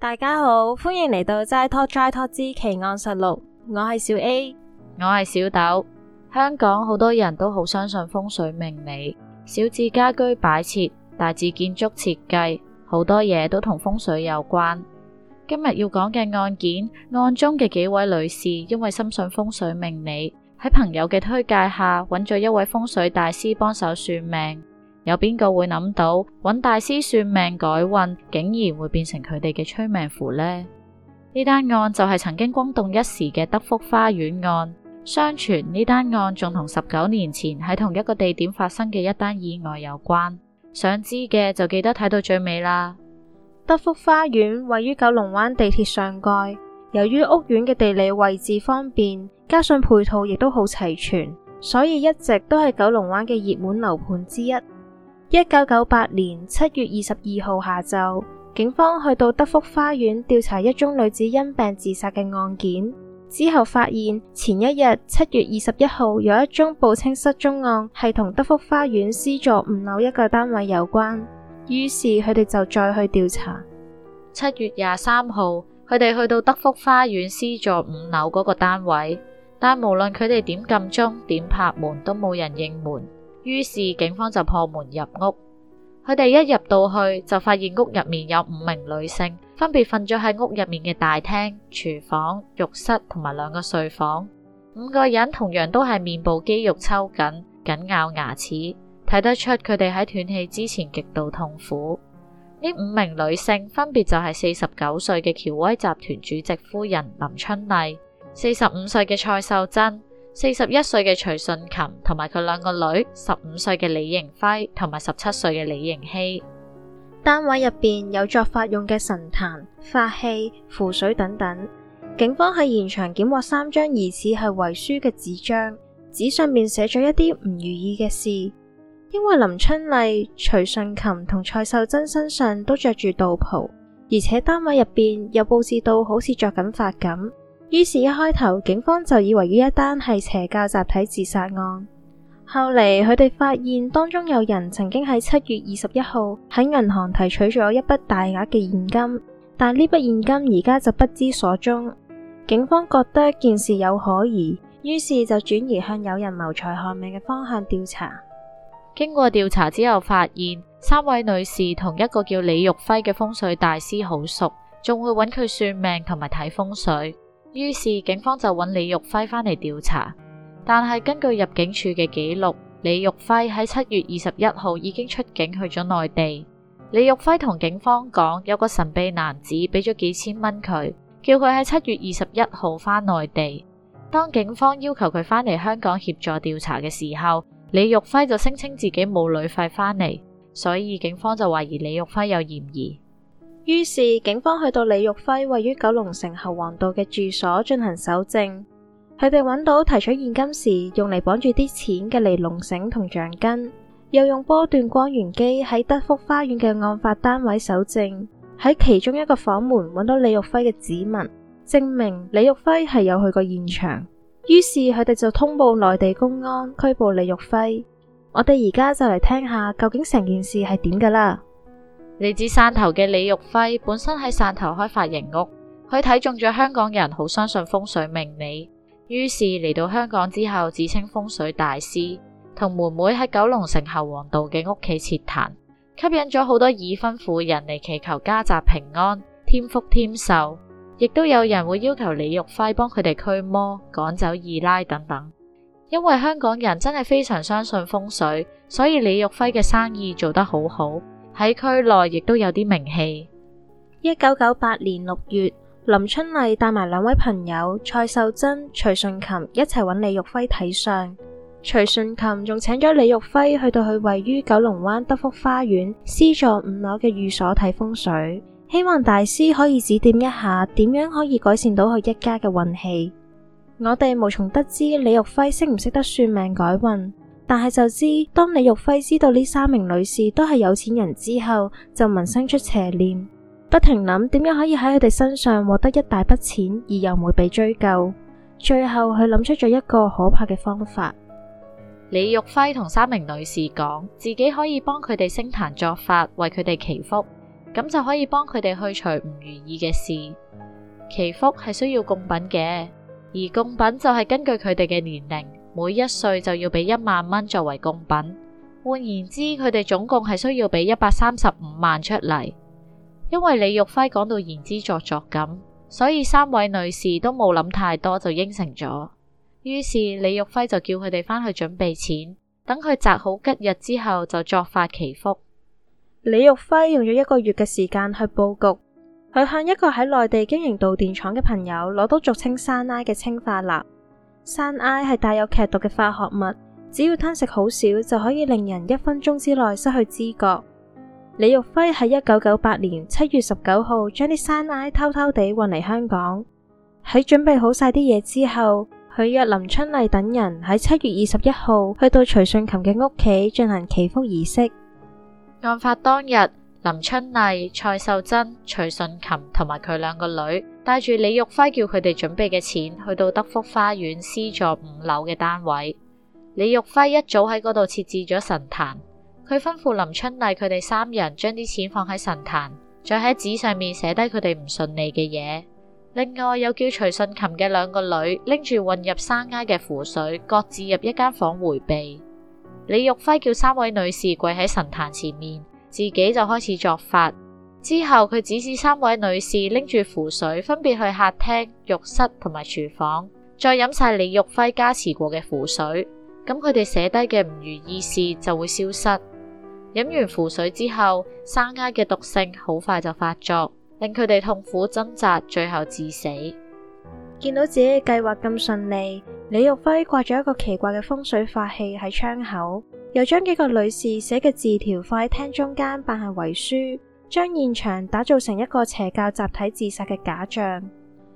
大家好，歡迎嚟到《齋托齋托之奇案實錄》，我係小 A，我係小豆。香港好多人都好相信風水命理，小至家居擺設，大至建築設計，好多嘢都同風水有關。今日要講嘅案件，案中嘅幾位女士因為深信風水命理，喺朋友嘅推介下，揾咗一位風水大師幫手算命。有邊個會諗到搵大師算命改運，竟然會變成佢哋嘅催命符呢？呢單案就係曾經轟動一時嘅德福花園案。相傳呢單案仲同十九年前喺同一個地點發生嘅一單意外有關。想知嘅就記得睇到最尾啦。德福花園位於九龍灣地鐵上蓋，由於屋苑嘅地理位置方便，加上配套亦都好齊全，所以一直都係九龍灣嘅熱門樓盤之一。一九九八年七月二十二號下晝，警方去到德福花園調查一宗女子因病自殺嘅案件，之後發現前一日七月二十一號有一宗報稱失蹤案係同德福花園 C 座五樓一個單位有關，於是佢哋就再去調查。七月廿三號，佢哋去到德福花園 C 座五樓嗰個單位，但無論佢哋點撳鐘、點拍門，都冇人應門。於是警方就破門入屋，佢哋一入到去就發現屋入面有五名女性，分別瞓咗喺屋入面嘅大廳、廚房、浴室同埋兩個睡房。五個人同樣都係面部肌肉抽緊、緊咬牙齒，睇得出佢哋喺斷氣之前極度痛苦。呢五名女性分別就係四十九歲嘅喬威集團主席夫人林春麗、四十五歲嘅蔡秀珍。四十一歲嘅徐信琴同埋佢兩個女，十五歲嘅李盈輝同埋十七歲嘅李盈希。單位入邊有作法用嘅神壇、法器、符水等等。警方喺現場檢獲三張疑似係遺書嘅紙張，紙上面寫咗一啲唔如意嘅事。因為林春麗、徐信琴同蔡秀珍身上都着住道袍，而且單位入邊又布置到好似作緊法咁。於是，一開頭警方就以為呢一單係邪教集體自殺案。後嚟佢哋發現當中有人曾經喺七月二十一號喺銀行提取咗一筆大額嘅現金，但呢筆現金而家就不知所蹤。警方覺得件事有可疑，於是就轉移向有人謀財害命嘅方向調查。經過調查之後，發現三位女士同一個叫李育輝嘅風水大師好熟，仲會揾佢算命同埋睇風水。於是警方就揾李育輝返嚟調查，但係根據入境處嘅記錄，李育輝喺七月二十一號已經出境去咗內地。李育輝同警方講，有個神秘男子俾咗幾千蚊佢，叫佢喺七月二十一號返內地。當警方要求佢返嚟香港協助調查嘅時候，李育輝就聲稱自己冇旅費返嚟，所以警方就懷疑李育輝有嫌疑。於是警方去到李育輝位於九龍城侯王道嘅住所進行搜證，佢哋揾到提取現金時用嚟綁住啲錢嘅尼龍繩同橡筋，又用波段光源機喺德福花園嘅案發單位搜證，喺其中一個房門揾到李育輝嘅指紋，證明李育輝係有去過現場。於是佢哋就通報內地公安拘捕李育輝。我哋而家就嚟聽下究竟成件事係點噶啦。嚟自汕頭嘅李育輝，本身喺汕頭開髮型屋，佢睇中咗香港人好相信風水命理，於是嚟到香港之後，自稱風水大師，同妹妹喺九龍城侯王道嘅屋企設壇，吸引咗好多已婚婦人嚟祈求家宅平安、添福添壽，亦都有人會要求李育輝幫佢哋驅魔、趕走二奶等等。因為香港人真係非常相信風水，所以李育輝嘅生意做得好好。喺區內亦都有啲名氣。一九九八年六月，林春麗帶埋兩位朋友蔡秀珍、徐順琴一齊揾李育輝睇相。徐順琴仲請咗李育輝去到佢位於九龍灣德福花園 C 座五樓嘅寓所睇風水，希望大師可以指點一下點樣可以改善到佢一家嘅運氣。我哋無從得知李育輝識唔識得算命改運。但係就知，當李育輝知道呢三名女士都係有錢人之後，就萌生出邪念，不停諗點樣可以喺佢哋身上獲得一大筆錢，而又唔會被追究。最後佢諗出咗一個可怕嘅方法。李育輝同三名女士講，自己可以幫佢哋升壇作法，為佢哋祈福，咁就可以幫佢哋去除唔如意嘅事。祈福係需要供品嘅，而供品就係根據佢哋嘅年齡。每一歲就要俾一萬蚊作為供品，換言之，佢哋總共係需要俾一百三十五萬出嚟。因為李玉輝講到言之鑿鑿咁，所以三位女士都冇諗太多就應承咗。於是李玉輝就叫佢哋返去準備錢，等佢摘好吉日之後就作法祈福。李玉輝用咗一個月嘅時間去布局，佢向一個喺內地經營導電廠嘅朋友攞到俗稱「山埃」嘅氰化鈉。山埃係帶有劇毒嘅化學物，只要吞食好少就可以令人一分鐘之內失去知覺。李育輝喺一九九八年七月十九號將啲山埃偷偷地運嚟香港，喺準備好晒啲嘢之後，佢約林春麗等人喺七月二十一號去到徐信琴嘅屋企進行祈福儀式。案發當日，林春麗、蔡秀珍、徐信琴同埋佢兩個女，帶住李育輝叫佢哋準備嘅錢，去到德福花園 C 座五樓嘅單位。李育輝一早喺嗰度設置咗神壇，佢吩咐林春麗佢哋三人將啲錢放喺神壇，再喺紙上面寫低佢哋唔順利嘅嘢。另外又叫徐信琴嘅兩個女拎住混入山埃嘅符水，各自入一間房迴避。李育輝叫三位女士跪喺神壇前面。自己就開始作法，之後佢指示三位女士拎住符水，分別去客廳、浴室同埋廚房，再飲晒李育輝加持過嘅符水，咁佢哋寫低嘅唔如意事就會消失。飲完符水之後，山埃嘅毒性好快就發作，令佢哋痛苦掙扎，最後致死。見到自己嘅計劃咁順利，李育輝掛咗一個奇怪嘅風水法器喺窗口。又將幾個女士寫嘅字條放喺廳中間扮係遺書，將現場打造成一個邪教集體自殺嘅假象。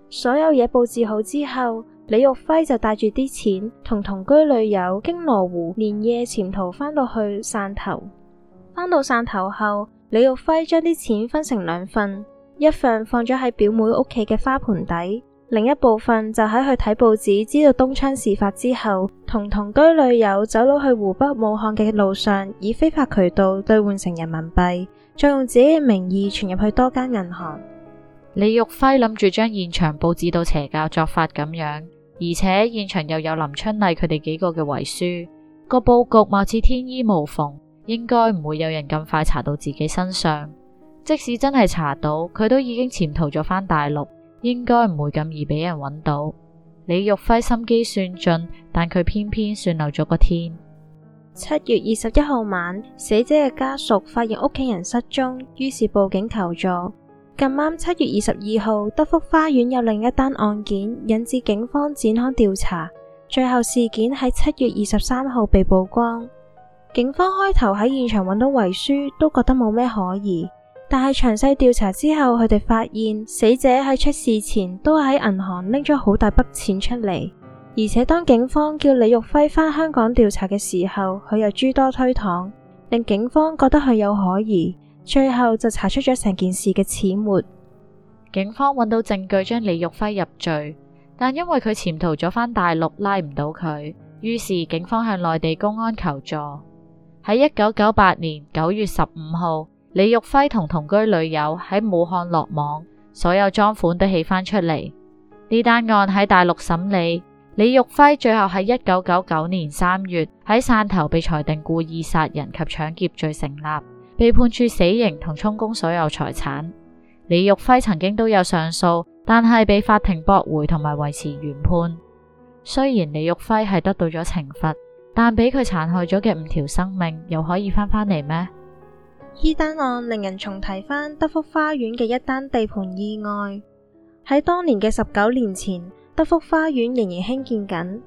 所有嘢佈置好之後，李育輝就帶住啲錢同同居女友經羅湖連夜潛逃返到去汕頭。返到汕頭後，李育輝將啲錢分成兩份，一份放咗喺表妹屋企嘅花盆底。另一部分就喺去睇報紙，知道東窗事發之後，同同居女友走佬去湖北武漢嘅路上，以非法渠道兌換成人民幣，再用自己嘅名義存入去多間銀行。李育輝諗住將現場佈置到邪教作法咁樣，而且現場又有林春麗佢哋幾個嘅遺書，個佈局貌似天衣無縫，應該唔會有人咁快查到自己身上。即使真係查到，佢都已經潛逃咗翻大陸。應該唔會咁易俾人揾到。李育輝心機算盡，但佢偏偏算漏咗個天。七月二十一號晚，死者嘅家屬發現屋企人失蹤，於是報警求助。咁啱七月二十二號，德福花園有另一單案件引致警方展開調查，最後事件喺七月二十三號被曝光。警方開頭喺現場揾到遺書，都覺得冇咩可疑。但係詳細調查之後，佢哋發現死者喺出事前都喺銀行拎咗好大筆錢出嚟，而且當警方叫李育輝返香港調查嘅時候，佢又諸多推搪，令警方覺得佢有可疑。最後就查出咗成件事嘅始末。警方揾到證據將李育輝入罪，但因為佢潛逃咗返大陸，拉唔到佢，於是警方向內地公安求助。喺一九九八年九月十五號。李育輝同同居女友喺武漢落網，所有贓款都起翻出嚟。呢單案喺大陸審理，李育輝最後喺一九九九年三月喺汕頭被裁定故意殺人及搶劫罪成立，被判處死刑同充公所有財產。李育輝曾經都有上訴，但係被法庭駁回同埋維持原判。雖然李育輝係得到咗懲罰，但俾佢殘害咗嘅五條生命又可以翻返嚟咩？呢單案令人重提翻德福花園嘅一單地盤意外，喺當年嘅十九年前，德福花園仍然興建緊。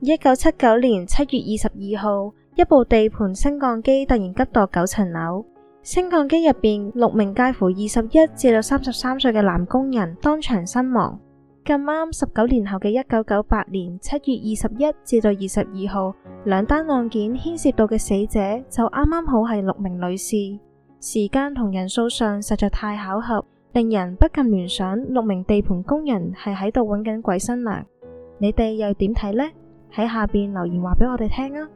一九七九年七月二十二號，一部地盤升降機突然急墮九層樓，升降機入邊六名介乎二十一至到三十三歲嘅男工人當場身亡。咁啱十九年後嘅一九九八年七月二十一至到二十二號，兩單案件牽涉到嘅死者就啱啱好係六名女士。時間同人數上實在太巧合，令人不禁聯想六名地盤工人係喺度搵緊鬼新娘。你哋又點睇呢？喺下邊留言話俾我哋聽啊！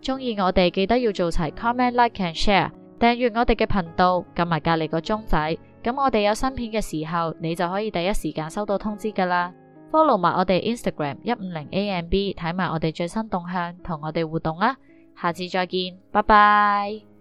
中意我哋記得要做齊 comment、like and share，訂閱我哋嘅頻道，撳埋隔籬個鐘仔，咁我哋有新片嘅時候，你就可以第一時間收到通知噶啦。Follow 埋我哋 Instagram 一五零 AMB，睇埋我哋最新動向，同我哋互動啦！下次再見，拜拜。